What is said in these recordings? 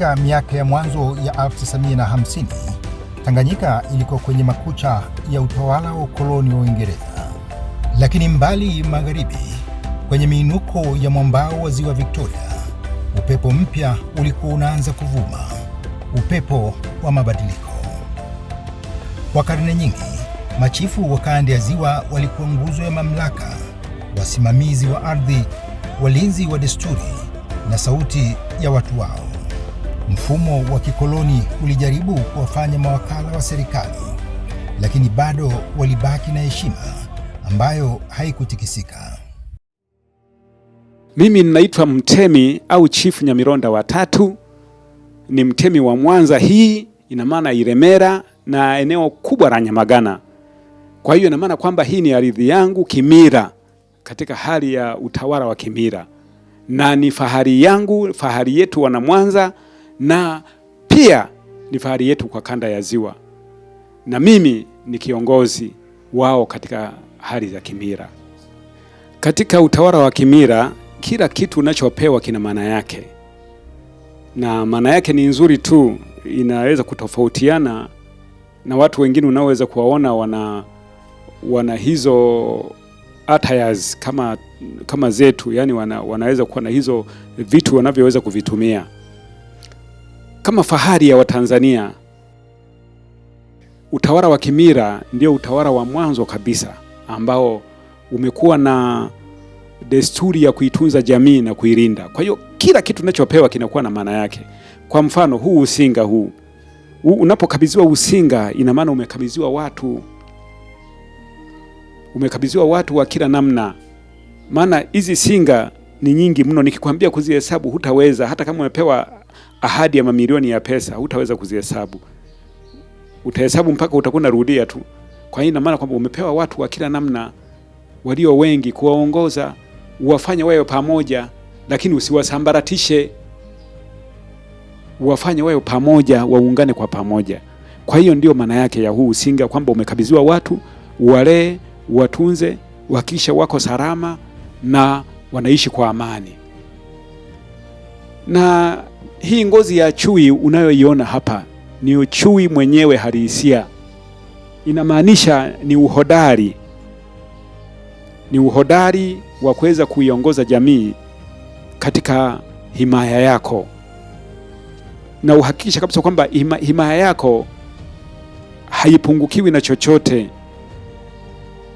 Katika miaka ya mwanzo ya 1950 Tanganyika ilikuwa kwenye makucha ya utawala wa ukoloni wa Uingereza, lakini mbali magharibi, kwenye miinuko ya mwambao wa ziwa Victoria, upepo mpya ulikuwa unaanza kuvuma, upepo wa mabadiliko. Kwa karne nyingi, machifu wa kanda ya ziwa walikuwa nguzo ya mamlaka, wasimamizi wa ardhi, walinzi wa desturi na sauti ya watu wao. Mfumo wa kikoloni ulijaribu kuwafanya mawakala wa serikali, lakini bado walibaki na heshima ambayo haikutikisika. Mimi ninaitwa Mtemi au Chifu Nyamironda wa tatu, ni mtemi wa Mwanza, hii ina maana Iremera na eneo kubwa la Nyamagana. Kwa hiyo ina maana kwamba hii ni ardhi yangu kimira, katika hali ya utawala wa kimira, na ni fahari yangu, fahari yetu wana Mwanza na pia ni fahari yetu kwa kanda ya Ziwa, na mimi ni kiongozi wao katika hali za kimira Katika utawala wa kimira kila kitu unachopewa kina maana yake, na maana yake ni nzuri tu, inaweza kutofautiana na watu wengine unaoweza kuwaona wana wana hizo attires kama, kama zetu, yani wana, wanaweza kuwa na hizo vitu wanavyoweza kuvitumia kama fahari ya Watanzania. Utawala wa Kimila ndio utawala wa mwanzo kabisa ambao umekuwa na desturi ya kuitunza jamii na kuilinda. Kwa hiyo kila kitu unachopewa kinakuwa na maana yake. Kwa mfano huu usinga huu, unapokabidhiwa usinga, ina maana umekabidhiwa watu, umekabidhiwa watu wa kila namna, maana hizi singa ni nyingi mno, nikikwambia kuzihesabu hutaweza, hata kama umepewa ahadi ya mamilioni ya pesa hutaweza kuzihesabu, utahesabu mpaka utakuwa narudia tu. Kwa hiyo ina maana kwamba umepewa watu wa kila namna walio wengi, kuwaongoza, uwafanye wayo pamoja, lakini usiwasambaratishe, uwafanye wayo pamoja, waungane kwa pamoja. Kwa hiyo ndio maana yake ya huu usinga, kwamba umekabidhiwa watu walee, watunze, wakisha wako salama na wanaishi kwa amani na hii ngozi ya chui unayoiona hapa ni chui mwenyewe halisia. Inamaanisha ni uhodari, ni uhodari wa kuweza kuiongoza jamii katika himaya yako, na uhakikisha kabisa kwamba hima, himaya yako haipungukiwi na chochote.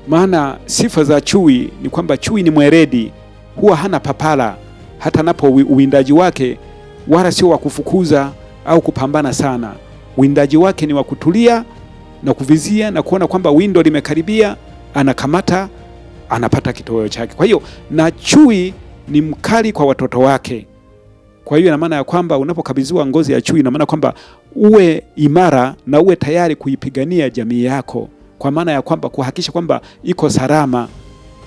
Maana sifa za chui ni kwamba chui ni mweredi, huwa hana papala. Hata napo uwindaji wake wala sio wa kufukuza au kupambana sana. windaji wake ni wa kutulia na kuvizia na kuona kwamba windo limekaribia, anakamata, anapata kitoweo chake. Kwa hiyo, na chui ni mkali kwa watoto wake. Kwa hiyo ina maana ya kwamba unapokabidhiwa ngozi ya chui, ina maana kwamba uwe imara na uwe tayari kuipigania jamii yako, kwa maana ya kwamba kuhakikisha kwamba iko salama.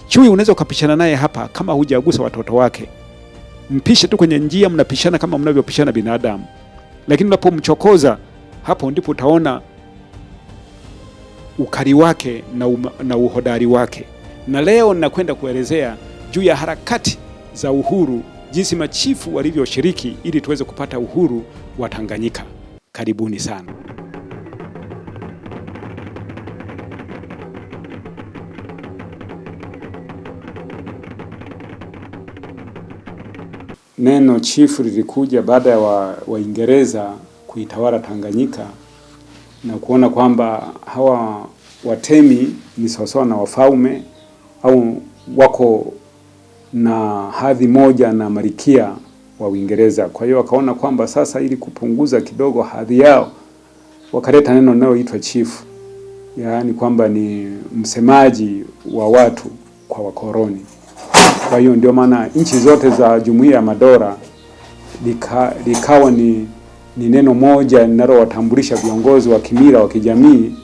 Chui unaweza ukapishana naye hapa kama hujagusa watoto wake mpishe tu kwenye njia, mnapishana kama mnavyopishana binadamu, lakini unapomchokoza hapo ndipo utaona ukali wake na, um, na uhodari wake. Na leo nakwenda kuelezea juu ya harakati za uhuru, jinsi machifu walivyoshiriki ili tuweze kupata uhuru wa Tanganyika. Karibuni sana. neno chifu lilikuja baada ya wa, Waingereza kuitawala Tanganyika na kuona kwamba hawa watemi ni sawasawa na wafalme au wako na hadhi moja na malikia wa Uingereza. Kwa hiyo wakaona kwamba sasa, ili kupunguza kidogo hadhi yao, wakaleta neno linaloitwa chifu, yaani kwamba ni msemaji wa watu kwa wakoloni. Kwa hiyo ndio maana nchi zote za Jumuiya ya Madola lika, likawa ni, ni neno moja linalowatambulisha viongozi wa kimila wa kijamii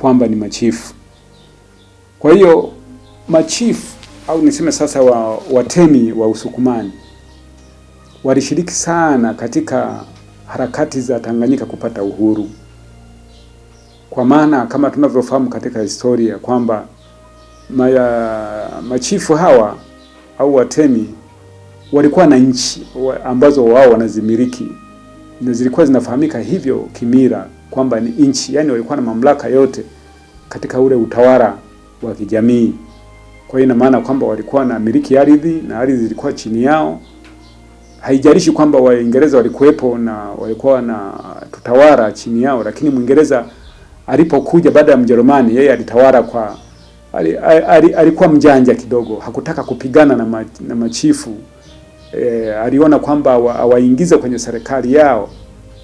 kwamba ni machifu. Kwa hiyo machifu au niseme sasa wa, watemi wa Usukumani walishiriki sana katika harakati za Tanganyika kupata uhuru, kwa maana kama tunavyofahamu katika historia kwamba machifu hawa au Watemi walikuwa na nchi ambazo wao wanazimiliki na zilikuwa zinafahamika hivyo kimira kwamba ni nchi, yani walikuwa na mamlaka yote katika ule utawala wa kijamii. Kwa hiyo ina maana kwamba walikuwa na miliki ardhi na ardhi zilikuwa chini yao. Haijalishi kwamba Waingereza walikuwepo na walikuwa na tutawala chini yao, lakini Mwingereza alipokuja baada ya Mjerumani, yeye alitawala kwa alikuwa mjanja kidogo, hakutaka kupigana na, ma, na machifu e, aliona kwamba awaingize kwenye serikali yao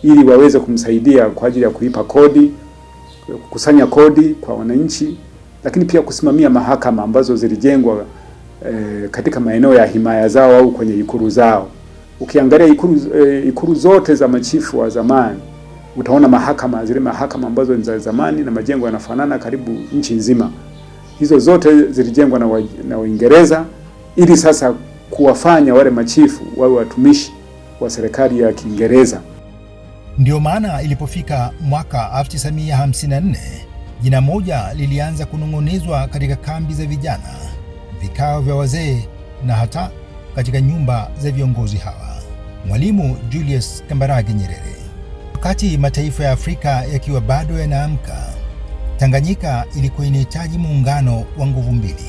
ili waweze kumsaidia kwa ajili ya kuipa kodi, kukusanya kodi kwa wananchi, lakini pia kusimamia mahakama ambazo zilijengwa e, katika maeneo ya himaya zao au kwenye ikulu zao. Ukiangalia ikulu, e, ikulu zote za machifu wa zamani utaona mahakama, zile mahakama ambazo ni za zamani na majengo yanafanana karibu nchi nzima hizo zote zilijengwa na, na Waingereza ili sasa kuwafanya wale machifu wawe watumishi wa serikali ya Kiingereza. Ndiyo maana ilipofika mwaka 1954 jina moja lilianza kunung'unizwa katika kambi za vijana, vikao vya wazee na hata katika nyumba za viongozi hawa. Mwalimu Julius Kambarage Nyerere. Wakati mataifa ya Afrika yakiwa bado yanaamka Tanganyika ilikuwa inahitaji muungano wa nguvu mbili,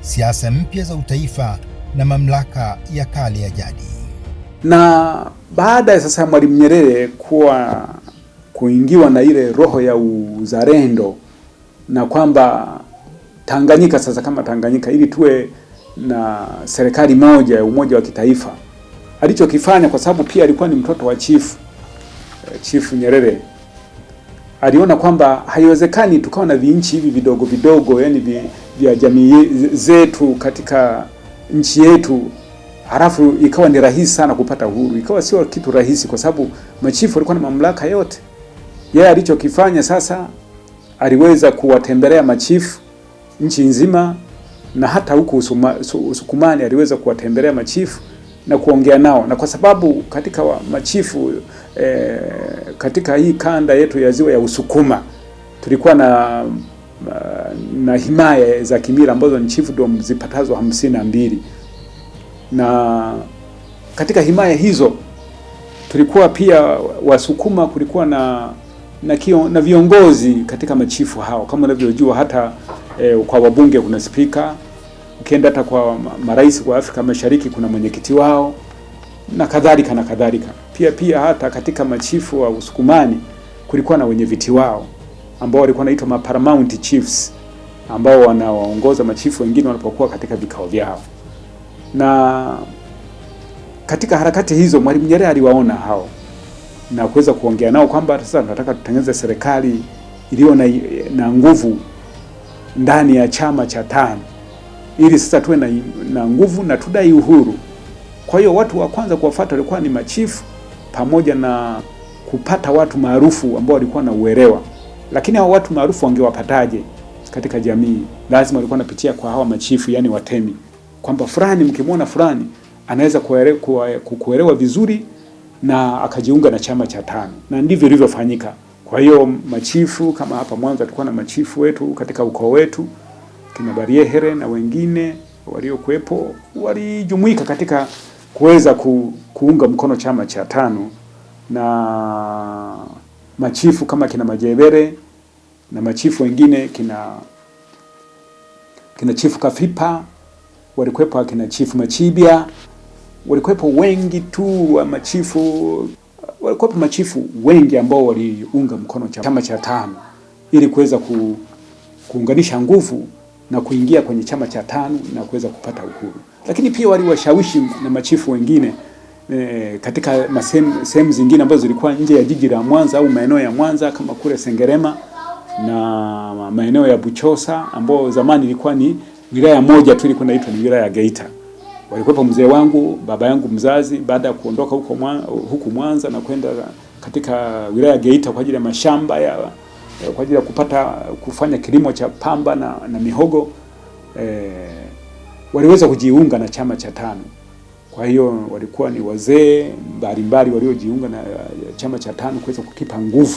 siasa mpya za utaifa na mamlaka ya kale ya jadi. Na baada ya sasa Mwalimu Nyerere kuwa kuingiwa na ile roho ya uzalendo na kwamba Tanganyika sasa kama Tanganyika ili tuwe na serikali moja ya umoja wa kitaifa, alichokifanya kwa sababu pia alikuwa ni mtoto wa chifu, eh, chifu Nyerere aliona kwamba haiwezekani tukawa na vinchi hivi vidogo vidogo, yani vya jamii zetu katika nchi yetu, halafu ikawa ni rahisi sana kupata uhuru. Ikawa sio kitu rahisi, kwa sababu machifu walikuwa na mamlaka yote. Yeye alichokifanya sasa, aliweza kuwatembelea machifu nchi nzima na hata huko Usukumani aliweza kuwatembelea machifu na kuongea nao, na kwa sababu katika wa machifu e, katika hii kanda yetu ya ziwa ya Usukuma tulikuwa na eh, na himaya za kimila ambazo ni chiefdom zipatazo hamsini na mbili na katika himaya hizo tulikuwa pia Wasukuma, kulikuwa na na, kio, na viongozi katika machifu hao kama unavyojua hata e, kwa wabunge kuna spika ukienda hata kwa marais wa Afrika Mashariki kuna mwenyekiti wao na kadhalika na kadhalika. Pia pia hata katika machifu wa Usukumani kulikuwa na wenyeviti wao ambao walikuwa naitwa paramount chiefs ambao wanawaongoza machifu wengine wanapokuwa katika vikao vyao. Na katika harakati hizo Mwalimu Nyerere aliwaona hao na kuweza kuongea nao kwamba sasa tunataka tutengeneze serikali iliyo na, na nguvu ndani ya chama cha tano ili sasa tuwe na, na nguvu na tudai uhuru. Kwa hiyo watu wa kwanza kuwafuata walikuwa ni machifu pamoja na kupata watu maarufu ambao walikuwa na uelewa. Lakini hao watu maarufu wangewapataje katika jamii? Lazima walikuwa wanapitia kwa hawa machifu, yani watemi, kwamba fulani, mkimwona fulani anaweza kuelewa vizuri na akajiunga na chama cha tano, na ndivyo ilivyofanyika. Kwa hiyo machifu kama hapa Mwanza tulikuwa na machifu wetu katika ukoo wetu kina Bariehere na wengine waliokuwepo walijumuika katika kuweza ku, kuunga mkono chama cha tano na machifu kama kina Majebere na machifu wengine kina kina chifu Kafipa walikuwepo, kina chifu Machibia walikuwepo, wengi tu wa machifu walikuwepo, machifu wengi ambao waliunga mkono chama cha tano ili kuweza ku, kuunganisha nguvu na kuingia kwenye chama cha tano na kuweza kupata uhuru, lakini pia waliwashawishi na machifu wengine e, katika sehemu zingine ambazo zilikuwa nje ya jiji la Mwanza au maeneo ya Mwanza kama kule Sengerema na maeneo ya Buchosa ambao zamani ilikuwa ni wilaya moja tu ilikuwa inaitwa ni wilaya ya Geita. Walikuwepo mzee wangu, baba yangu mzazi, baada ya kuondoka huko huku Mwanza na kwenda katika wilaya ya Geita kwa ajili ya mashamba ya Eh, kwa ajili ya kupata kufanya kilimo cha pamba na, na mihogo eh, waliweza kujiunga na chama cha tano. Kwa hiyo walikuwa ni wazee mbalimbali waliojiunga na eh, chama cha tano kuweza kukipa nguvu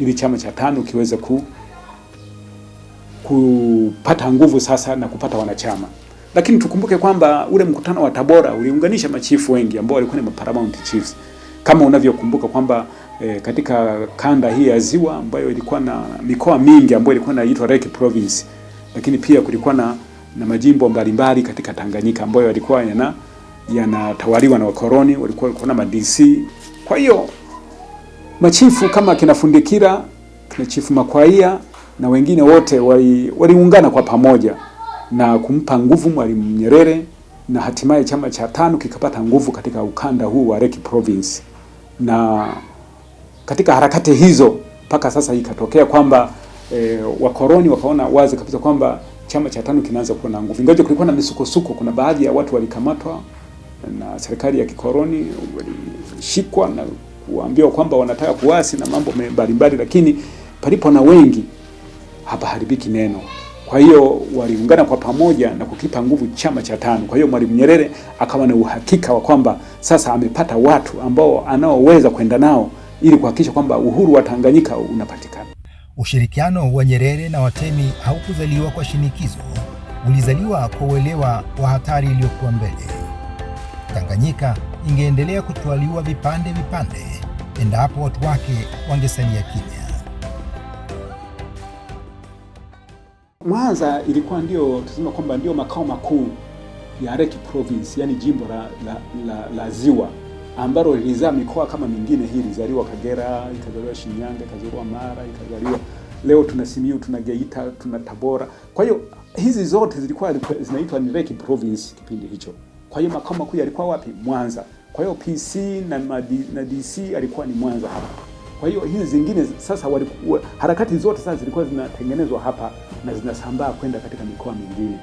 ili chama cha tano kiweze ku, kupata nguvu sasa na kupata wanachama. Lakini tukumbuke kwamba ule mkutano wa Tabora uliunganisha machifu wengi ambao walikuwa ni paramount chiefs, kama unavyokumbuka kwamba e, katika kanda hii ya ziwa ambayo ilikuwa na mikoa mingi ambayo ilikuwa inaitwa Lake Province, lakini pia kulikuwa na, na majimbo mbalimbali katika Tanganyika ambayo yalikuwa yana yanatawaliwa na wakoloni, walikuwa kuna ma DC. Kwa hiyo machifu kama kina Fundikira kina Chifu Makwaia na wengine wote waliungana wali kwa pamoja na kumpa nguvu Mwalimu Nyerere na hatimaye chama cha tano kikapata nguvu katika ukanda huu wa Lake Province na katika harakati hizo mpaka sasa ikatokea kwamba e, wakoloni wakaona wazi kabisa kwamba chama cha tano kinaanza kuwa na nguvu, ingawa kulikuwa na misukosuko. Kuna baadhi ya watu walikamatwa na serikali ya kikoloni, walishikwa na kuambiwa kwamba wanataka kuasi na mambo mbalimbali, lakini palipo na wengi hapa haribiki neno. Kwa hiyo waliungana kwa pamoja na kukipa nguvu chama cha tano. Kwa hiyo Mwalimu Nyerere akawa na uhakika wa kwamba sasa amepata watu ambao anaoweza kwenda nao ili kuhakikisha kwamba uhuru wa Tanganyika unapatikana. Ushirikiano wa Nyerere na Watemi haukuzaliwa kwa shinikizo, ulizaliwa kwa uelewa wa hatari iliyokuwa mbele. Tanganyika ingeendelea kutwaliwa vipande vipande endapo watu wake wangesalia kimya. Mwanza ilikuwa ndio tunasema kwamba ndio makao makuu ya Lake Province, yani jimbo la, la, la, la ziwa ambalo lilizaa mikoa kama mingine. Hii ilizaliwa Kagera, ikazaliwa Shinyanga, ikazaliwa Mara, ikazaliwa leo tuna Simiyu, tuna Geita, tuna Tabora. Kwa hiyo hizi zote zilikuwa zinaitwa ni Lake Province kipindi hicho. Kwa hiyo makao makuu yalikuwa wapi? Mwanza. Kwa hiyo PC na, na DC alikuwa ni Mwanza hapa. Kwa hiyo hizi zingine sasa walikuwa, harakati zote sasa zilikuwa zinatengenezwa hapa na zinasambaa kwenda katika mikoa mingine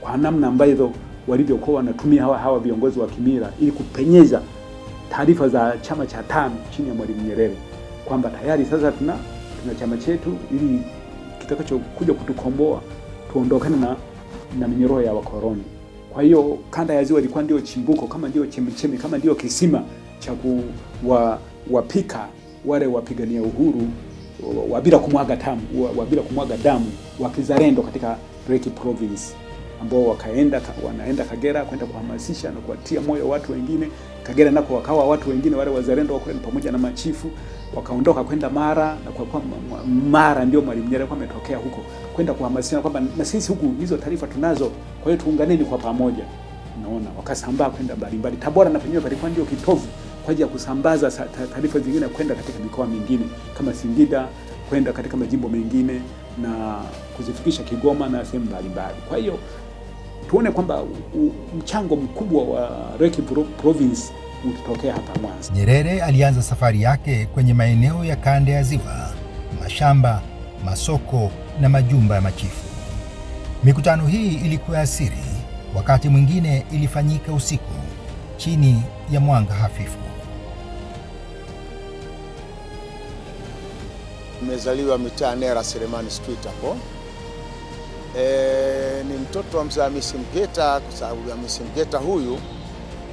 kwa namna ambayo walivyokuwa wanatumia hawa hawa viongozi wa kimila ili kupenyeza taarifa za chama cha tano chini ya Mwalimu Nyerere kwamba tayari sasa tuna, tuna chama chetu ili kitakachokuja kutukomboa tuondokane na, na minyororo ya wakoloni. Kwa hiyo kanda ya Ziwa ilikuwa ndio chimbuko, kama ndio chemichemi, kama ndio kisima cha kuwapika wa wale wapigania uhuru wa bila kumwaga damu, wa bila kumwaga damu wa kizalendo katika Lake Province ambao wakaenda wanaenda Kagera kwenda kuhamasisha na kuwatia moyo watu wengine. Kagera nako wakawa watu wengine wale wazalendo wa kweli pamoja na machifu wakaondoka kwenda Mara, na kwa kuwa Mara ndio Mwalimu Nyerere kwa ametokea huko, kwenda kuhamasisha kwamba na sisi huku hizo taarifa tunazo, kwa hiyo tuunganeni kwa pamoja. Naona wakasambaa kwenda mbalimbali. Tabora na penyewe palikuwa ndio kitovu kwa ajili ya kusambaza taarifa zingine kwenda katika mikoa mingine kama Singida, kwenda katika majimbo mengine na kuzifikisha Kigoma na sehemu mbalimbali. Kwa hiyo tuone kwamba mchango mkubwa wa Lake Province utatokea hapa Mwanza. Nyerere alianza safari yake kwenye maeneo ya kanda ya Ziwa, mashamba, masoko na majumba ya machifu. Mikutano hii ilikuwa ya siri, wakati mwingine ilifanyika usiku chini ya mwanga hafifu. Nimezaliwa mitaa Nera Selemani Street hapo e, ni mtoto wa mzee Hamisi Mgeta, kwa sababu Hamisi Mgeta huyu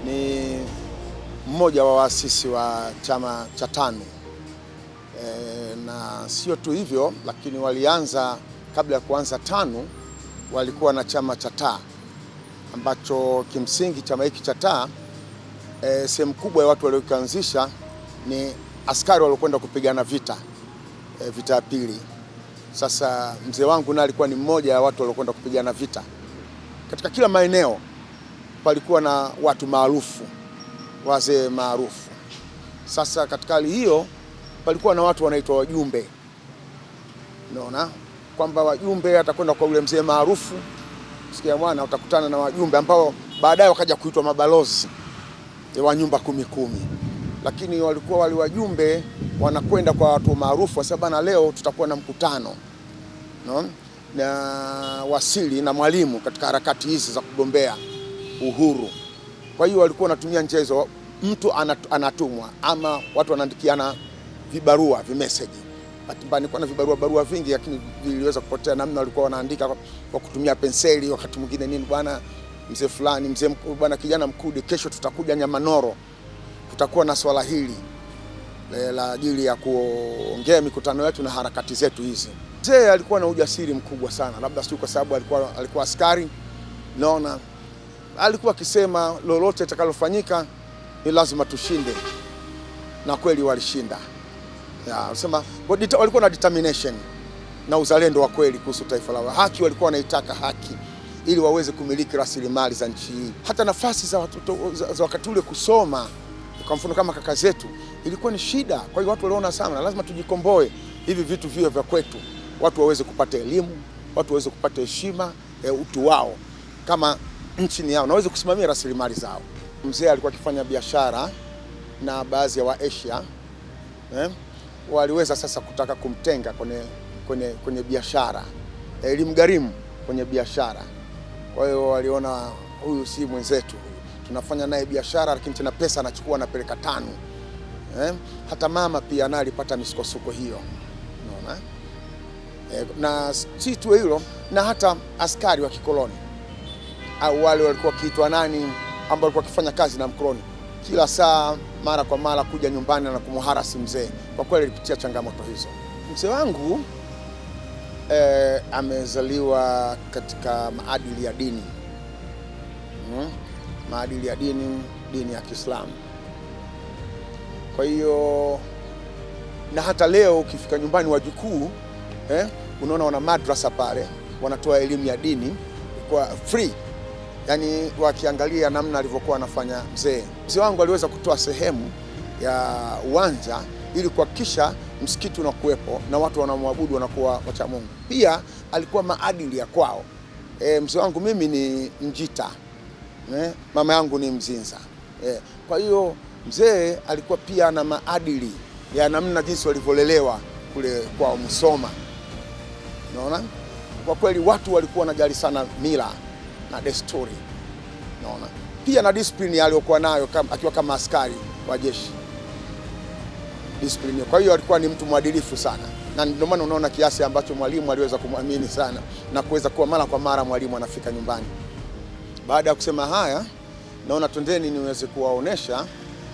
ni mmoja wa waasisi wa chama cha TANU e, na sio tu hivyo, lakini walianza kabla ya kuanza TANU walikuwa na chama cha taa ambacho kimsingi chama hiki cha taa e, sehemu kubwa ya watu waliokianzisha ni askari waliokwenda kupigana vita e, vita ya pili. Sasa mzee wangu na alikuwa ni mmoja wa watu waliokwenda kupigana vita. Katika kila maeneo palikuwa na watu maarufu, wazee maarufu. Sasa katika hali hiyo palikuwa na watu wanaitwa wajumbe. Unaona kwamba wajumbe atakwenda kwa yule mzee maarufu, sikia mwana, utakutana na wajumbe ambao baadaye wakaja kuitwa mabalozi wa nyumba kumi kumi, lakini walikuwa wale wajumbe wanakwenda kwa watu maarufu, kwa sababu na leo tutakuwa na mkutano no? na Wasili na Mwalimu katika harakati hizi za kugombea uhuru. Kwa hiyo walikuwa wanatumia njia hizo, mtu anatumwa ama watu wanaandikiana vibarua vimeseji nilikuwa na vibarua barua vingi lakini viliweza kupotea, namna walikuwa wanaandika kwa kutumia penseli, wakati mwingine nini, bwana mzee fulani, mzee bwana, kijana Mkude, kesho tutakuja Nyamanoro, tutakuwa na swala hili. Eh, la ajili ya kuongea mikutano yetu na harakati zetu hizi. Mzee alikuwa na ujasiri mkubwa sana, labda si kwa sababu alikuwa, alikuwa askari. Naona alikuwa akisema lolote itakalofanyika ni lazima tushinde, na kweli walishinda. Anasema walikuwa na determination na uzalendo wa kweli kuhusu taifa lao. Haki walikuwa wanaitaka haki ili waweze kumiliki rasilimali za nchi hii. Hata nafasi za watoto za wakati ule kusoma kwa mfano kama kaka zetu ilikuwa ni shida, kwa hiyo watu waliona sana, lazima tujikomboe, hivi vitu viwe vya kwetu, watu waweze kupata elimu, watu waweze kupata heshima e, utu wao kama nchi ni yao, naweze kusimamia rasilimali zao. Mzee alikuwa akifanya biashara na baadhi ya wa Asia eh, waliweza sasa kutaka kumtenga kwenye, kwenye, kwenye biashara elimgharimu kwenye biashara. Kwa hiyo waliona huyu si mwenzetu tunafanya naye biashara, lakini tena pesa anachukua anapeleka tano eh? Hata mama pia naye alipata misukosuko hiyo, unaona eh, na si tu hilo, na hata askari wa kikoloni au wale walikuwa wakiitwa nani, ambao walikuwa wakifanya kazi na mkoloni kila saa mara kwa mara kuja nyumbani na kumuharasi mzee. Kwa kweli alipitia changamoto hizo. Mzee wangu eh, amezaliwa katika maadili ya dini hmm? maadili ya dini, dini ya Kiislamu. Kwa hiyo na hata leo ukifika nyumbani wajukuu eh, unaona wana madrasa pale wanatoa elimu ya dini kwa free, yaani wakiangalia namna alivyokuwa anafanya mzee. Mzee wangu aliweza kutoa sehemu ya uwanja ili kuhakikisha msikiti unakuwepo na watu wanamwabudu wanakuwa wacha Mungu. Pia alikuwa maadili ya kwao. E, mzee wangu mimi ni Mjita eh, mama yangu ni Mzinza eh. Kwa hiyo mzee alikuwa pia na maadili ya namna jinsi walivyolelewa kule kwa Msoma. Unaona, kwa kweli watu walikuwa wanajali sana mila na desturi, unaona, pia na discipline aliyokuwa nayo kama, akiwa kama askari wa jeshi discipline. Kwa hiyo alikuwa ni mtu mwadilifu sana, na ndio maana unaona kiasi ambacho mwalimu aliweza kumwamini sana na kuweza kuwa mara kwa mara mwalimu anafika nyumbani. Baada ya kusema haya, naona twendeni niweze kuwaonesha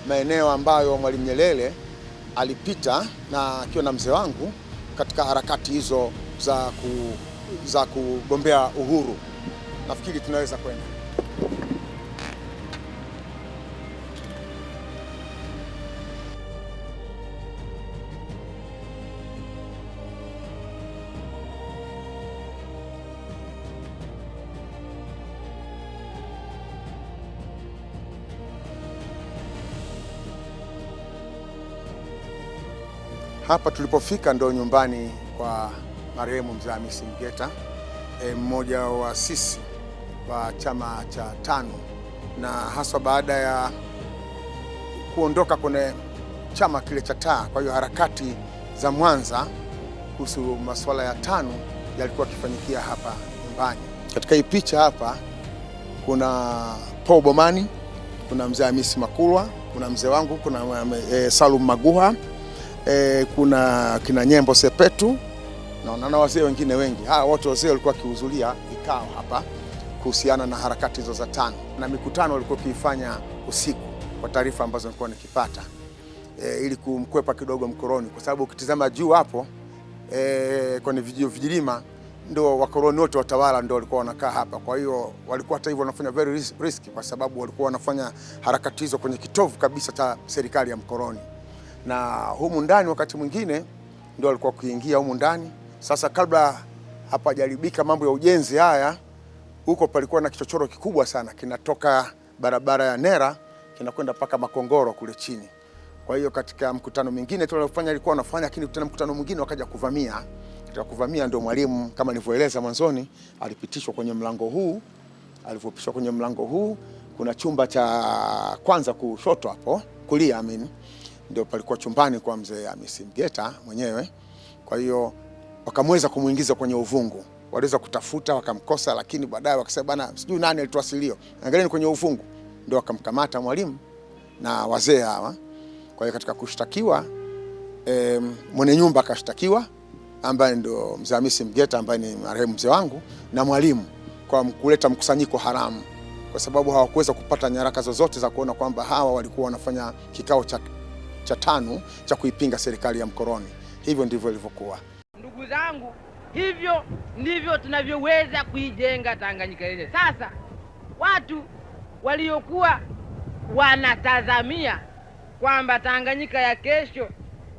maeneo ambayo Mwalimu Nyerere alipita na akiwa na mzee wangu katika harakati hizo za, ku, za kugombea uhuru. Nafikiri tunaweza kwenda. Hapa tulipofika ndo nyumbani kwa marehemu mzee Hamisi Mgeta, e, mmoja wa sisi wa chama cha tano na haswa baada ya kuondoka kwenye chama kile cha taa. Kwa hiyo harakati za Mwanza kuhusu masuala ya tano yalikuwa akifanyikia hapa nyumbani. Katika hii picha hapa kuna Paul Bomani, kuna mzee Hamisi Makulwa, kuna mzee wangu, kuna e, Salum Maguha e, kuna kina Nyembo Sepetu naona na wazee wengine wengi. Hawa wote wazee walikuwa wakihudhuria vikao hapa kuhusiana na harakati hizo za tano na mikutano walikuwa kiifanya usiku, kwa taarifa ambazo nilikuwa nikipata e, ili kumkwepa kidogo mkoroni, kwa sababu ukitizama juu hapo e, kwenye vijio vijilima ndio wakoloni wote watawala ndio walikuwa wanakaa hapa. Kwa hiyo walikuwa hata hivyo wanafanya very risky, kwa sababu walikuwa wanafanya harakati hizo kwenye kitovu kabisa cha serikali ya mkoloni na humu ndani wakati mwingine ndio alikuwa kuingia humu ndani. Sasa kabla hapajaribika mambo ya ujenzi haya, huko palikuwa na kichochoro kikubwa sana kinatoka barabara ya Nera kinakwenda mpaka Makongoro kule chini. Kwa hiyo katika mkutano mwingine tuliofanya alikuwa anafanya, lakini tena mkutano mwingine wakaja kuvamia. Katika kuvamia ndio mwalimu kama nilivyoeleza mwanzoni alipitishwa kwenye mlango huu. Alivyopitishwa kwenye mlango huu kuna chumba cha kwanza kushoto hapo kulia I mean ndio palikuwa chumbani kwa mzee Hamisi Mgeta mwenyewe. Kwa hiyo wakamweza kumwingiza kwenye uvungu, waliweza kutafuta wakamkosa, lakini baadaye wakasema bana, sijui nani alitoa silio, angalieni kwenye uvungu, ndio wakamkamata mwalimu na wazee hawa. Kwa hiyo katika kushtakiwa e, mwenye nyumba akashtakiwa ambaye ndio mzee Hamisi Mgeta ambaye ni marehemu mzee wangu na mwalimu kwa kuleta mkusanyiko haramu, kwa sababu hawakuweza kupata nyaraka zozote za kuona kwamba hawa walikuwa wanafanya kikao cha cha tano cha kuipinga serikali ya mkoloni. Hivyo ndivyo ilivyokuwa, ndugu zangu, hivyo ndivyo tunavyoweza kuijenga Tanganyika yenyewe. Sasa watu waliokuwa wanatazamia kwamba Tanganyika ya kesho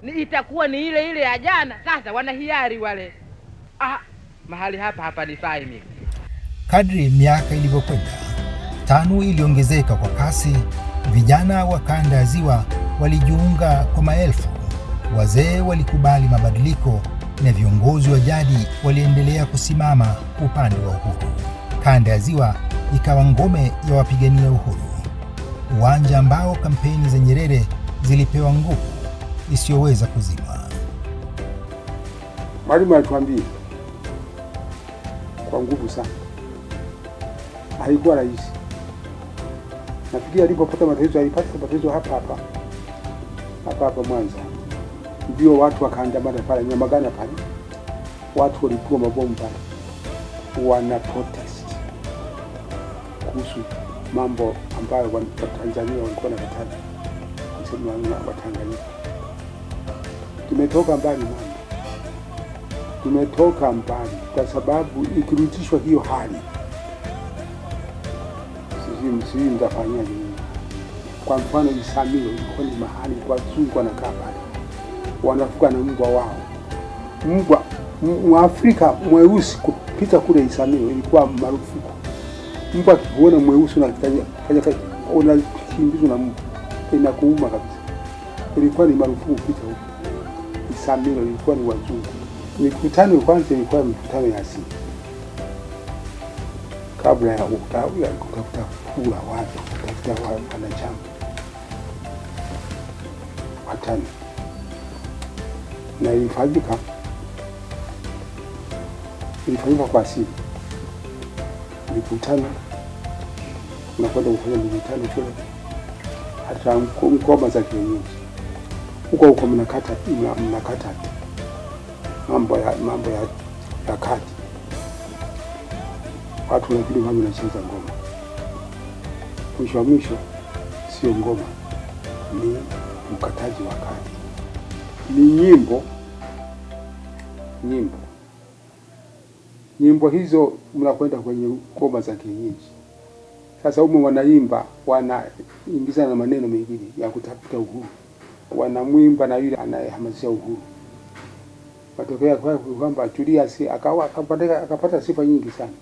ni itakuwa ni ile ile ya jana, sasa wanahiari wale. Aha, mahali hapa hapa nifai mimi. Kadri miaka ilivyokwenda, TANU iliongezeka kwa kasi. Vijana wa kanda ya Ziwa walijiunga kwa maelfu. Wazee walikubali mabadiliko na viongozi wa jadi waliendelea kusimama upande wa uhuru. Kanda ya Ziwa ikawa ngome ya wapigania uhuru, uwanja ambao kampeni za Nyerere zilipewa nguvu isiyoweza kuzima. Mwalimu alituambia kwa nguvu sana, haikuwa rahisi. Nafikiri alipopata matatizo alipata matatizo hapa hapa hapa hapa Mwanza, ndio watu wakaandamana pale Nyamagana pale, watu walipua mabomu pale, wana protest kuhusu mambo ambayo Watanzania walikuwa na kataza kusema Watanganyika. Tumetoka mbali mama, tumetoka mbali, kwa sababu ikirudishwa hiyo hali, sijui mtafanyaje. Kwa mfano Isamilo ilikuwa ni mahali kwa zungu wanakaa pale, wanafuga na mbwa wao. Mbwa Mwafrika mweusi kupita kule Isamilo ilikuwa marufuku. Mbwa akikuona mweusi unakimbizwa na mbwa, inakuuma kabisa. Ilikuwa ni marufuku kupita huko Isamilo, ilikuwa ni wazungu. Mikutano kwanza ilikuwa mikutano ya asili kabla ya kutafuta kura, watu kutafuta wanachama tano na ilifanyika ilifanyika kwa asili, mikutano unakwenda kufanya mikutano shule, hata ngoma za kienyeji huko huko mnakata mnakata mambo ya mambo ya, ya kati watu lakini wami nacheza ngoma, mwisho wa mwisho sio ngoma ni ukataji wa kazi ni nyimbo, nyimbo, nyimbo hizo mnakwenda kwenye koma za kienyeji. Sasa humo wanaimba, wanaingiza na maneno mengine ya kutafuta uhuru, wanamwimba na yule anayehamasisha uhuru. Matokeo kwa kwamba Julius akawa akapata sifa nyingi sana,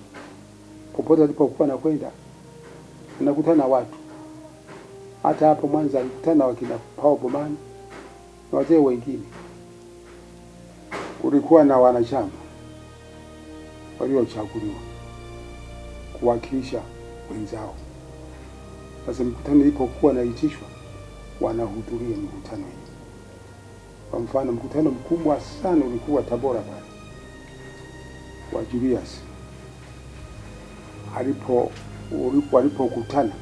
popote alipokuwa anakwenda anakutana na watu hata hapo Mwanza tena wakina Pao Bomani na wazee wengine. Kulikuwa na wanachama waliochaguliwa kuwakilisha wenzao. Sasa mkutano ilipokuwa naitishwa, wanahudhuria mkutano hii. Kwa mfano, mkutano mkubwa sana ulikuwa Tabora pale wa Julius alipo walipokutana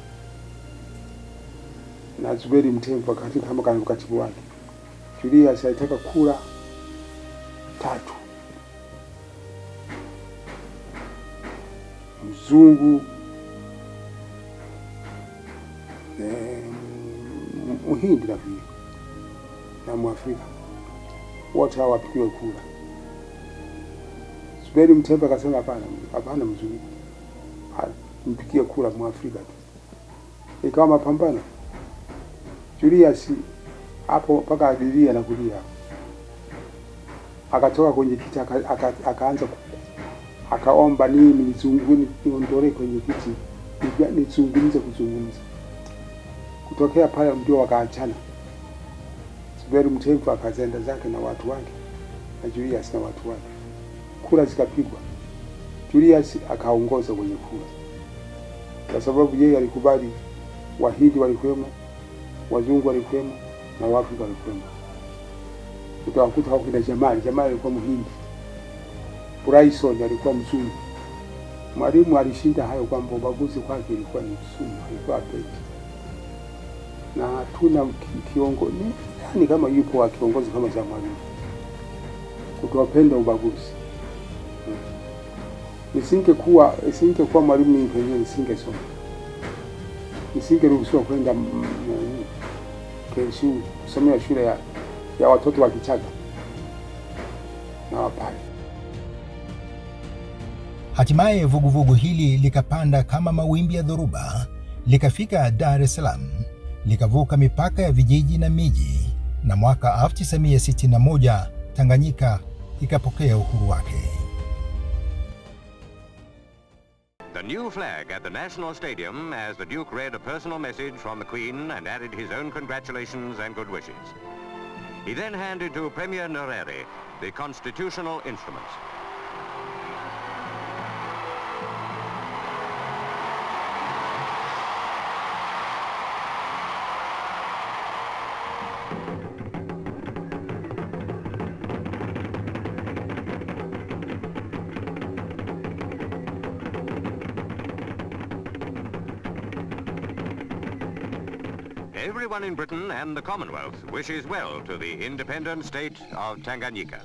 na Zuberi Mtemvu katika kama katibu wake. Julius alitaka kura tatu, mzungu eh, Muhindi na vile na Mwafrika wote hawa wapikiwe kura. Zuberi Mtemvu akasema hapana, hapana, mzungu mpikie kura Mwafrika tu, ikawa mapambano. Julius hapo mpaka alilia na kulia, akatoka kwenye kiti akaanza aka, aka akaomba nini, nizunguni niondolee kwenye kiti nizungumze kuzungumza. Kutokea pale ndio wakaachana. Zuberi Mtevu akazenda zake na watu wake na Julius na watu wake, kura zikapigwa, Julius akaongoza kwenye kura, kwa sababu yeye alikubali Wahindi walikwemo wazungu walikuwemo na waafrika walikuwemo. Utawakuta kwa kina Jamali, Jamali alikuwa Mhindi, Bryson alikuwa mzungu. Mwalimu alishinda hayo kwamba ubaguzi kwake ilikuwa ni mzungu, alikuwa apeti. Na tuna kiongozi yani kama yupo wa kiongozi kama za Mwalimu kutopenda ubaguzi. Nisingekuwa nisingekuwa mwalimu, mimi pengine nisingesoma, nisingeruhusiwa kwenda kuheshimu kusomea shule ya, ya watoto wa Kichaga na Wapare. Hatimaye vuguvugu hili likapanda kama mawimbi ya dhoruba, likafika Dar es Salaam, likavuka mipaka ya vijiji na miji, na mwaka 1961 Tanganyika ikapokea uhuru wake. a new flag at the National Stadium as the Duke read a personal message from the Queen and added his own congratulations and good wishes. He then handed to Premier Noreri the constitutional instruments. Everyone in Britain and the Commonwealth wishes well to the independent state of Tanganyika.